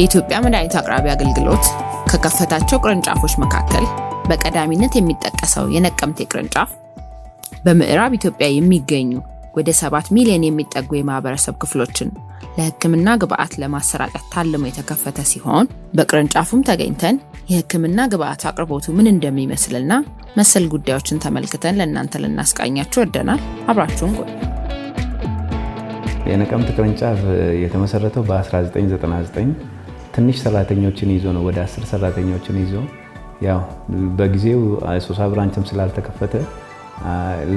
የኢትዮጵያ መድኃኒት አቅራቢ አገልግሎት ከከፈታቸው ቅርንጫፎች መካከል በቀዳሚነት የሚጠቀሰው የነቀምቴ ቅርንጫፍ በምዕራብ ኢትዮጵያ የሚገኙ ወደ 7 ሚሊዮን የሚጠጉ የማህበረሰብ ክፍሎችን ለህክምና ግብአት ለማሰራጨት ታልሞ የተከፈተ ሲሆን በቅርንጫፉም ተገኝተን የህክምና ግብአት አቅርቦቱ ምን እንደሚመስልና መሰል ጉዳዮችን ተመልክተን ለእናንተ ልናስቃኛችሁ ወደናል። አብራችሁን ቆዩ። የነቀምት ቅርንጫፍ የተመሰረተው በ1999 ትንሽ ሰራተኞችን ይዞ ነው ወደ አስር ሰራተኞችን ይዞ ያው በጊዜው አሶሳ ብራንችም ስላልተከፈተ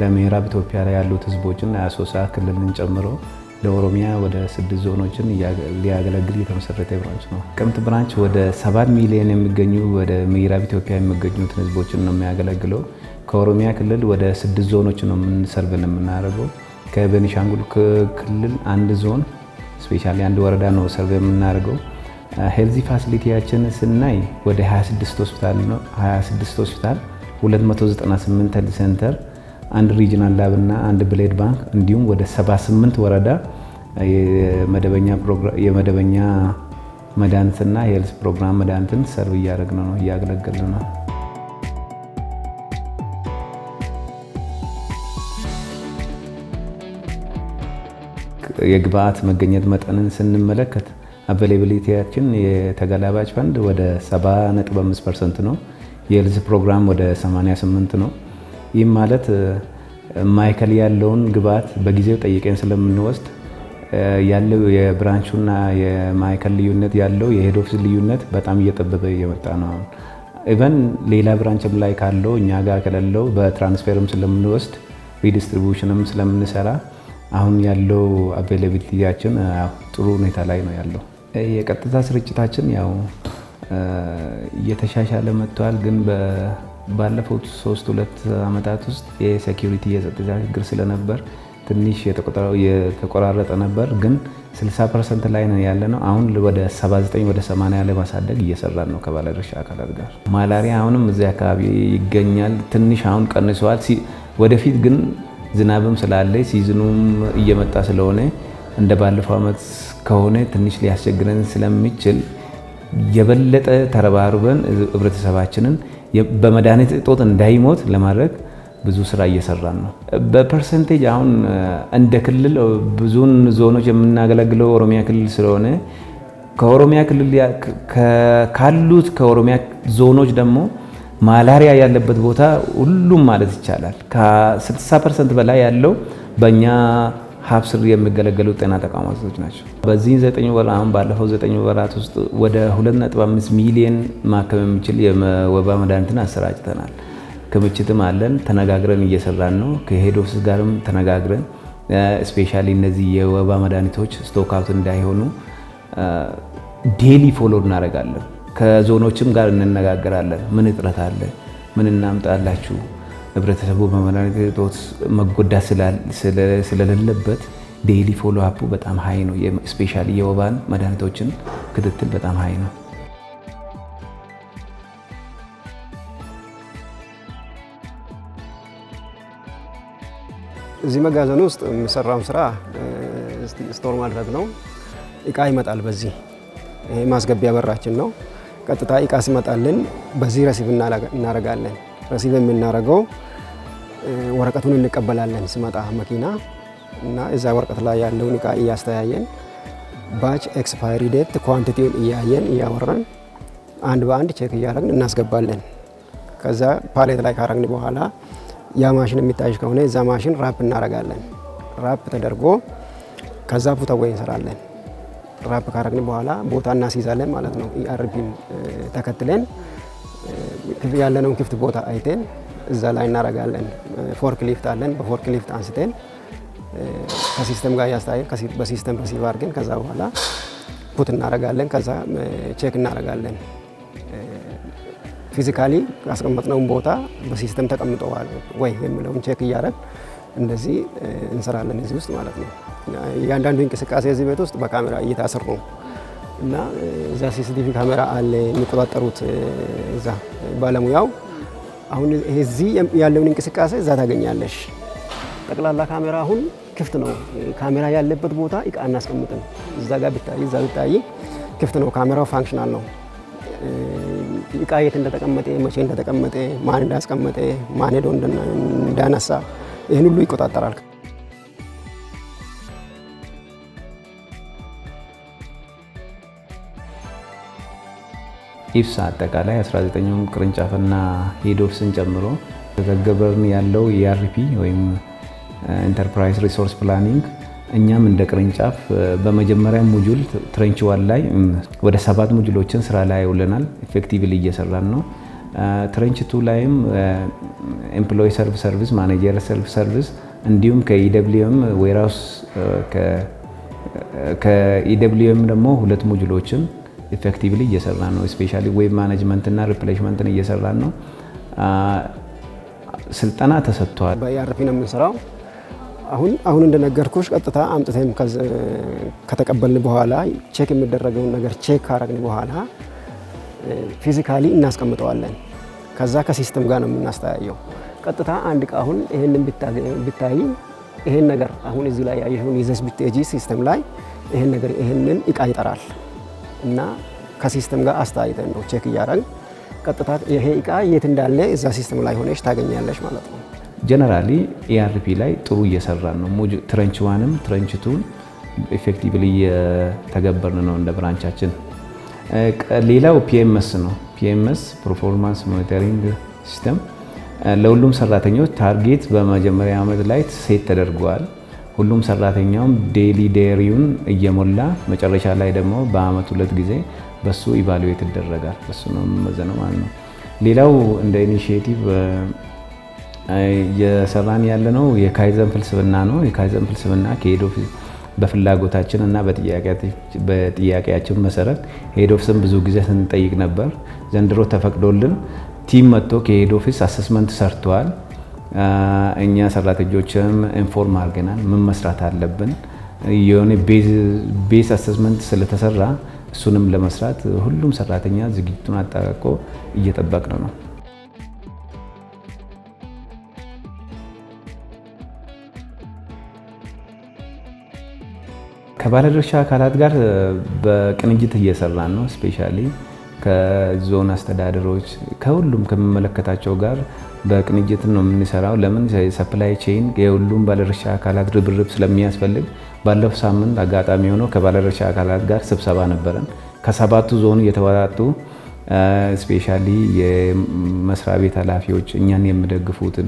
ለምዕራብ ኢትዮጵያ ላይ ያሉት ህዝቦችን አሶሳ ክልልን ጨምሮ ለኦሮሚያ ወደ ስድስት ዞኖችን ሊያገለግል የተመሰረተ ብራንች ነው። ቅምት ብራንች ወደ ሰባት ሚሊዮን የሚገኙ ወደ ምዕራብ ኢትዮጵያ የሚገኙትን ህዝቦችን ነው የሚያገለግለው። ከኦሮሚያ ክልል ወደ ስድስት ዞኖች ነው የምንሰርብን የምናደርገው። ከቤኒሻንጉል ክልል አንድ ዞን ስፔሻሊ አንድ ወረዳ ነው ሰርቭ የምናደርገው። ሄልዚ ፋሲሊቲያችን ስናይ ወደ 26 ሆስፒታል ነው። 26 ሆስፒታል 298 ሄልዝ ሴንተር፣ አንድ ሪጅናል ላብ እና አንድ ብሌድ ባንክ እንዲሁም ወደ 78 ወረዳ የመደበኛ መድኃኒትና የሄልዝ ፕሮግራም መድኃኒትን ሰርቭ እያደረግን ነው እያገለገልን ነው። የግብአት መገኘት መጠንን ስንመለከት አቬሌብሊቲያችን የተገላባጭ ፈንድ ወደ 75 ፐርሰንት ነው። የኤልዝ ፕሮግራም ወደ 88 ነው። ይህም ማለት ማዕከል ያለውን ግብዓት በጊዜው ጠይቀን ስለምንወስድ ያለው የብራንቹና የማዕከል ልዩነት ያለው የሄድ ኦፊስ ልዩነት በጣም እየጠበበ እየመጣ ነው። አሁን ኢቨን ሌላ ብራንችም ላይ ካለው እኛ ጋር ከሌለው በትራንስፌርም ስለምንወስድ ሪዲስትሪቡሽንም ስለምንሰራ አሁን ያለው አቬይላብሊቲያችን ጥሩ ሁኔታ ላይ ነው ያለው። የቀጥታ ስርጭታችን ያው እየተሻሻለ መጥቷል። ግን ባለፉት ሶስት ሁለት ዓመታት ውስጥ የሴኪሪቲ የጸጥታ ችግር ስለነበር ትንሽ የተቆራረጠ ነበር። ግን 60 ፐርሰንት ላይ ነው ያለ ነው። አሁን ወደ 79 ወደ 80 ላይ ማሳደግ እየሰራን ነው ከባለድርሻ አካላት ጋር። ማላሪያ አሁንም እዚህ አካባቢ ይገኛል። ትንሽ አሁን ቀንሰዋል። ወደፊት ግን ዝናብም ስላለ ሲዝኑም እየመጣ ስለሆነ እንደ ባለፈው ዓመት ከሆነ ትንሽ ሊያስቸግረን ስለሚችል የበለጠ ተረባርበን ህብረተሰባችንን በመድኃኒት እጦት እንዳይሞት ለማድረግ ብዙ ስራ እየሰራን ነው። በፐርሰንቴጅ አሁን እንደ ክልል ብዙን ዞኖች የምናገለግለው ኦሮሚያ ክልል ስለሆነ ከኦሮሚያ ክልል ካሉት ከኦሮሚያ ዞኖች ደግሞ ማላሪያ ያለበት ቦታ ሁሉም ማለት ይቻላል ከ60 ፐርሰንት በላይ ያለው በእኛ ሀብ ስር የሚገለገሉ ጤና ተቋማቶች ናቸው። በዚህ ዘጠኝ ወር አሁን ባለፈው ዘጠኝ ወራት ውስጥ ወደ 2.5 ሚሊየን ማከም የሚችል የወባ መድኃኒትን አሰራጭተናል። ክምችትም አለን። ተነጋግረን እየሰራን ነው። ከሄዶስ ጋርም ተነጋግረን ስፔሻሊ እነዚህ የወባ መድኃኒቶች ስቶክአውት እንዳይሆኑ ዴሊ ፎሎ እናደርጋለን። ከዞኖችም ጋር እንነጋገራለን። ምን እጥረት አለ? ምን እናምጣላችሁ ህብረተሰቡ በመድኃኒት እጦት መጎዳት ስለሌለበት ዴይሊ ፎሎ አፑ በጣም ሀይ ነው። ስፔሻሊ የወባን መድኃኒቶችን ክትትል በጣም ሀይ ነው። እዚህ መጋዘን ውስጥ የሚሰራውን ስራ ስቶር ማድረግ ነው። እቃ ይመጣል። በዚህ ይሄ ማስገቢያ በራችን ነው። ቀጥታ እቃ ሲመጣልን በዚህ ረሲብ እናረጋለን። ረሲብ የምናረገው ወረቀቱን እንቀበላለን ስመጣ መኪና እና እዛ ወረቀት ላይ ያለውን እቃ እያስተያየን ባች ኤክስፓይሪ ዴት ኳንቲቲውን እያየን እያወራን አንድ በአንድ ቼክ እያደረግን እናስገባለን። ከዛ ፓሌት ላይ ካረግን በኋላ ያ ማሽን የሚታይሽ ከሆነ እዛ ማሽን ራፕ እናረጋለን። ራፕ ተደርጎ ከዛ ቦታ ወይ እንሰራለን። ራፕ ካረግን በኋላ ቦታ እናስይዛለን ማለት ነው። ኢአርፒን ተከትለን ያለነውን ክፍት ቦታ አይተን እዛ ላይ እናረጋለን። ፎርክ ሊፍት አለን። በፎርክ ሊፍት አንስተን ከሲስተም ጋር ያስተያየ በሲስተም ሪሲቭ አድርገን ከዛ በኋላ ፑት እናረጋለን። ከዛ ቼክ እናረጋለን። ፊዚካሊ ካስቀመጥነውን ቦታ በሲስተም ተቀምጠዋል ወይ የሚለውን ቼክ እያደረግ እንደዚህ እንሰራለን እዚህ ውስጥ ማለት ነው። እያንዳንዱ እንቅስቃሴ እዚህ ቤት ውስጥ በካሜራ እየታሰር ነው እና እዛ ሲሲቲቪ ካሜራ አለ የሚቆጣጠሩት እዛ ባለሙያው አሁን እዚህ ያለውን እንቅስቃሴ እዛ ታገኛለሽ። ጠቅላላ ካሜራ አሁን ክፍት ነው። ካሜራ ያለበት ቦታ እቃ እናስቀምጥም። እዛ ጋር ብታይ እዛ ብታይ ክፍት ነው። ካሜራው ፋንክሽናል ነው። እቃ የት እንደተቀመጠ፣ መቼ እንደተቀመጠ፣ ማን እንዳስቀመጠ፣ ማን ሄዶ እንዳነሳ ይህን ሁሉ ይቆጣጠራል። ኢፍስ አጠቃላይ 19 ኛውን ቅርንጫፍና ሄዶፍስን ጨምሮ ተዘገበርን ያለው የኢአርፒ ወይም ኢንተርፕራይዝ ሪሶርስ ፕላኒንግ እኛም እንደ ቅርንጫፍ በመጀመሪያ ሙጁል ትሬንች ዋን ላይ ወደ ሰባት ሙጁሎችን ስራ ላይ ውለናል። ኢፌክቲቭሊ እየሰራን ነው። ትሬንች ቱ ላይም ኤምፕሎይ ሰልፍ ሰርቪስ፣ ማኔጀር ሰልፍ ሰርቪስ እንዲሁም ከኢደብሊዩም ዌራውስ ከኢደብሊዩም ደግሞ ሁለት ሙጁሎችን ኢፌክቲቭሊ እየሰራ ነው። ስፔሻሊ ዌብ ማኔጅመንትና ሪፕሌሽመንትን እየሰራ ነው። ስልጠና ተሰጥቷል። በኢአርፒ ነው የምንሰራው። አሁን አሁን እንደነገርኩሽ ቀጥታ አምጥተን ከተቀበልን በኋላ ቼክ የሚደረገውን ነገር ቼክ ካረግን በኋላ ፊዚካሊ እናስቀምጠዋለን። ከዛ ከሲስተም ጋር ነው የምናስተያየው። ቀጥታ አንድ እቃ አሁን ይህንን ብታይ ይሄን ነገር አሁን እዚህ ላይ ያየሽውን ይዘሽ ብትሄጂ ሲስተም ላይ ይሄን ነገር ይሄንን እቃ ይጠራል። እና ከሲስተም ጋር አስተያይተን ነው ቼክ እያደረግን ቀጥታ ይሄ እቃ የት እንዳለ እዛ ሲስተም ላይ ሆነች ታገኛለች ማለት ነው። ጀነራሊ ኤአርፒ ላይ ጥሩ እየሰራን ነው። ትረንች ዋንም ትረንች ቱን ኢፌክቲቭሊ እየተገበርን ነው እንደ ብራንቻችን። ሌላው ፒኤምኤስ ነው። ፒኤምኤስ ፐርፎርማንስ ሞኒተሪንግ ሲስተም ለሁሉም ሰራተኞች ታርጌት በመጀመሪያ ዓመት ላይ ሴት ተደርገዋል። ሁሉም ሰራተኛውም ዴሊ ዴሪውን እየሞላ መጨረሻ ላይ ደግሞ በአመት ሁለት ጊዜ በሱ ኢቫሉዌት ይደረጋል። እሱ ነው የሚመዘነው ማለት ነው። ሌላው እንደ ኢኒሺዬቲቭ እየሰራን ያለነው የካይዘን ፍልስፍና ነው። የካይዘን ፍልስፍና ከሄድ ኦፊስ በፍላጎታችን እና በጥያቄያችን መሰረት ሄድ ኦፊስን ብዙ ጊዜ ስንጠይቅ ነበር። ዘንድሮ ተፈቅዶልን ቲም መጥቶ ከሄድ ኦፊስ አሰስመንት ሰርተዋል። እኛ ሰራተኞችም ኢንፎርም አድርገናል። ምን መስራት አለብን የሆነ ቤዝ አሰስመንት ስለተሰራ እሱንም ለመስራት ሁሉም ሰራተኛ ዝግጅቱን አጠቃቆ እየጠበቅን ነው። ከባለድርሻ አካላት ጋር በቅንጅት እየሰራን ነው ስፔሻሊ ከዞን አስተዳደሮች ከሁሉም ከሚመለከታቸው ጋር በቅንጅት ነው የምንሰራው። ለምን ሰፕላይ ቼን የሁሉም ባለድርሻ አካላት ርብርብ ስለሚያስፈልግ ባለፈው ሳምንት አጋጣሚ ሆኖ ከባለድርሻ አካላት ጋር ስብሰባ ነበረን። ከሰባቱ ዞን እየተወጣጡ ስፔሻሊ የመስሪያ ቤት ኃላፊዎች እኛን የሚደግፉትን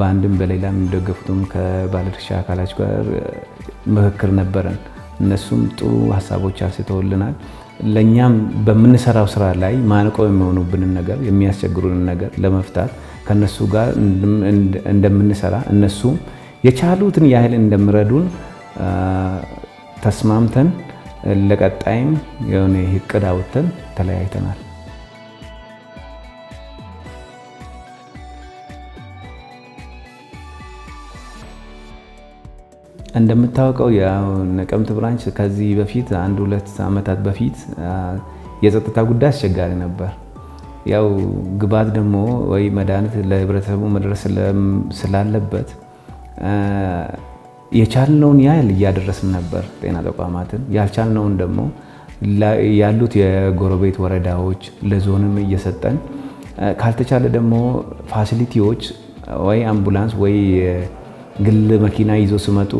በአንድም በሌላ የሚደግፉትም ከባለድርሻ አካላች ጋር ምክክር ነበረን። እነሱም ጥሩ ሀሳቦች አንስተውልናል። ለእኛም በምንሰራው ስራ ላይ ማነቆ የሚሆኑብንን ነገር የሚያስቸግሩንን ነገር ለመፍታት ከነሱ ጋር እንደምንሰራ እነሱም የቻሉትን ያህል እንደምረዱን ተስማምተን ለቀጣይም የሆነ እቅድ አውጥተን ተለያይተናል። እንደምታወቀው የነቀምት ብራንች ከዚህ በፊት አንድ ሁለት ዓመታት በፊት የጸጥታ ጉዳይ አስቸጋሪ ነበር። ያው ግብአት ደግሞ ወይ መድኃኒት ለህብረተሰቡ መድረስ ስላለበት የቻልነውን ያህል እያደረስን ነበር ጤና ተቋማትን፣ ያልቻልነውን ደግሞ ያሉት የጎረቤት ወረዳዎች ለዞንም እየሰጠን ካልተቻለ ደግሞ ፋሲሊቲዎች ወይ አምቡላንስ ወይ ግል መኪና ይዞ ሲመጡ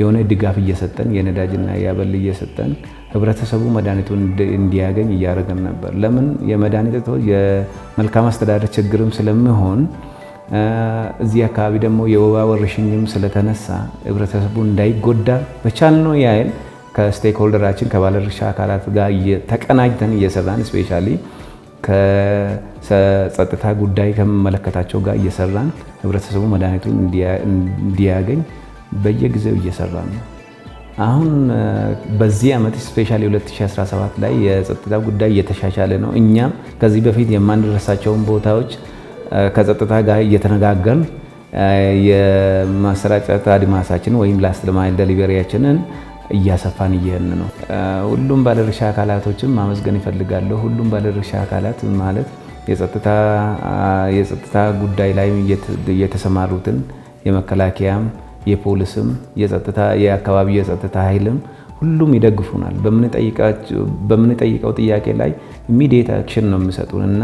የሆነ ድጋፍ እየሰጠን የነዳጅና የአበል እየሰጠን ህብረተሰቡ መድኃኒቱን እንዲያገኝ እያደረገን ነበር። ለምን የመድኃኒት የመልካም አስተዳደር ችግርም ስለሚሆን እዚህ አካባቢ ደግሞ የወባ ወረሽኝም ስለተነሳ ህብረተሰቡ እንዳይጎዳ በቻልነው ያህል ከስቴክሆልደራችን ከባለድርሻ አካላት ጋር ተቀናጅተን እየሰራን ስፔሻሊ ከጸጥታ ጉዳይ ከመመለከታቸው ጋር እየሰራን ህብረተሰቡ መድኃኒቱን እንዲያገኝ በየጊዜው እየሰራ ነው። አሁን በዚህ ዓመት ስፔሻሊ 2017 ላይ የጸጥታ ጉዳይ እየተሻሻለ ነው። እኛም ከዚህ በፊት የማንደርሳቸውን ቦታዎች ከጸጥታ ጋር እየተነጋገርን የማሰራጨት አድማሳችን ወይም ላስት ማይል ደሊቨሪያችንን እያሰፋን እየሄድን ነው። ሁሉም ባለድርሻ አካላቶችን ማመስገን ይፈልጋለሁ። ሁሉም ባለድርሻ አካላት ማለት የጸጥታ ጉዳይ ላይ የተሰማሩትን የመከላከያም፣ የፖሊስም፣ የአካባቢ የጸጥታ ኃይልም ሁሉም ይደግፉናል። በምንጠይቀው ጥያቄ ላይ ኢሚዲየት አክሽን ነው የሚሰጡን እና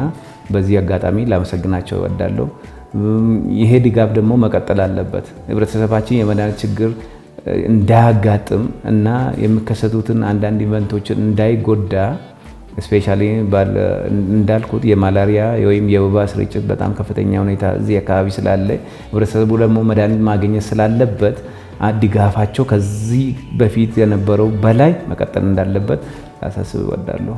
በዚህ አጋጣሚ ላመሰግናቸው እወዳለሁ። ይሄ ድጋፍ ደግሞ መቀጠል አለበት። ህብረተሰባችን የመድኃኒት ችግር እንዳያጋጥም እና የሚከሰቱትን አንዳንድ ኢቨንቶችን እንዳይጎዳ ስፔሻሊ እንዳልኩት የማላሪያ ወይም የወባ ስርጭት በጣም ከፍተኛ ሁኔታ እዚህ አካባቢ ስላለ ህብረተሰቡ ደግሞ መድኃኒት ማግኘት ስላለበት ድጋፋቸው ከዚህ በፊት የነበረው በላይ መቀጠል እንዳለበት ላሳስብ እወዳለሁ።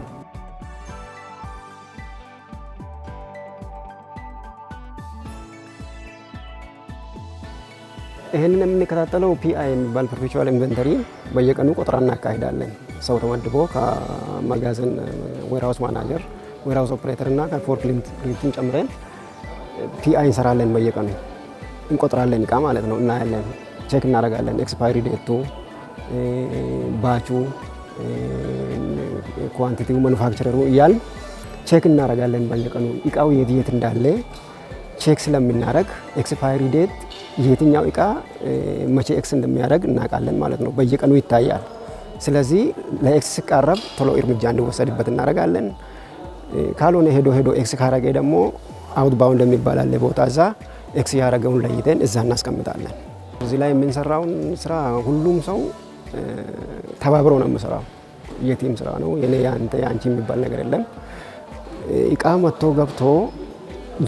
ይህንን የምንከታተለው ፒአይ የሚባል ፐርፔቹዋል ኢንቨንተሪ በየቀኑ ቆጠራ እናካሂዳለን። ሰው ተመድቦ ከመጋዘን ዌርሃውስ ማናጀር፣ ዌርሃውስ ኦፕሬተር እና ከፎርክሊፍትን ጨምረን ፒአይ እንሰራለን። በየቀኑ እንቆጥራለን፣ እቃ ማለት ነው። እናያለን፣ ቼክ እናደርጋለን። ኤክስፓይሪ ዴቱ፣ ባቹ፣ ኳንቲቲው፣ ማኑፋክቸረሩ እያል ቼክ እናደርጋለን። በየቀኑ እቃው የት የት እንዳለ ቼክ ስለምናደርግ ኤክስፓይሪ ዴት የትኛው እቃ መቼ ኤክስ እንደሚያደርግ እናውቃለን ማለት ነው። በየቀኑ ይታያል። ስለዚህ ለኤክስ ሲቃረብ ቶሎ እርምጃ እንዲወሰድበት እናደርጋለን። ካልሆነ ሄዶ ሄዶ ኤክስ ካረገ ደግሞ አውት ባውንድ የሚባል አለ ቦታ እዛ ኤክስ ያደረገውን ለይተን እዛ እናስቀምጣለን። እዚህ ላይ የምንሰራውን ስራ ሁሉም ሰው ተባብሮ ነው የምሰራው። የቲም ስራ ነው። የኔ ያንተ ያንቺ የሚባል ነገር የለም። እቃ መጥቶ ገብቶ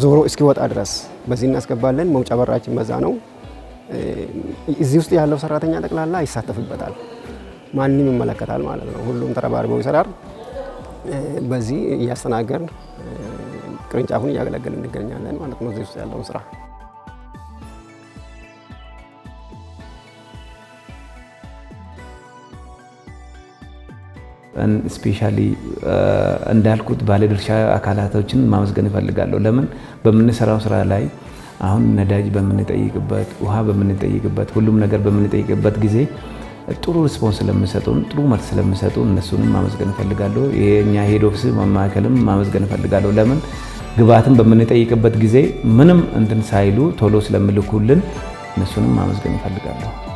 ዞሮ እስኪወጣ ድረስ በዚህ እናስገባለን። መውጫ በራችን በዛ ነው። እዚህ ውስጥ ያለው ሰራተኛ ጠቅላላ ይሳተፍበታል። ማንም ይመለከታል ማለት ነው። ሁሉም ተረባርበው ይሰራል። በዚህ እያስተናገርን ቅርንጫፉን እያገለገልን እንገኛለን ማለት ነው። እዚህ ውስጥ ያለውን ስራ ስፔሻሊ እንዳልኩት ባለድርሻ አካላቶችን ማመስገን እፈልጋለሁ። ለምን በምንሰራው ስራ ላይ አሁን ነዳጅ በምንጠይቅበት፣ ውሃ በምንጠይቅበት፣ ሁሉም ነገር በምንጠይቅበት ጊዜ ጥሩ ሪስፖንስ ስለምሰጡን ጥሩ መልስ ስለሚሰጡ እነሱንም ማመስገን እፈልጋለሁ። የኛ ሄድ ኦፊስ ማዕከልም ማመስገን እፈልጋለሁ። ለምን ግብአትን በምንጠይቅበት ጊዜ ምንም እንትን ሳይሉ ቶሎ ስለሚልኩልን እነሱንም ማመስገን እፈልጋለሁ።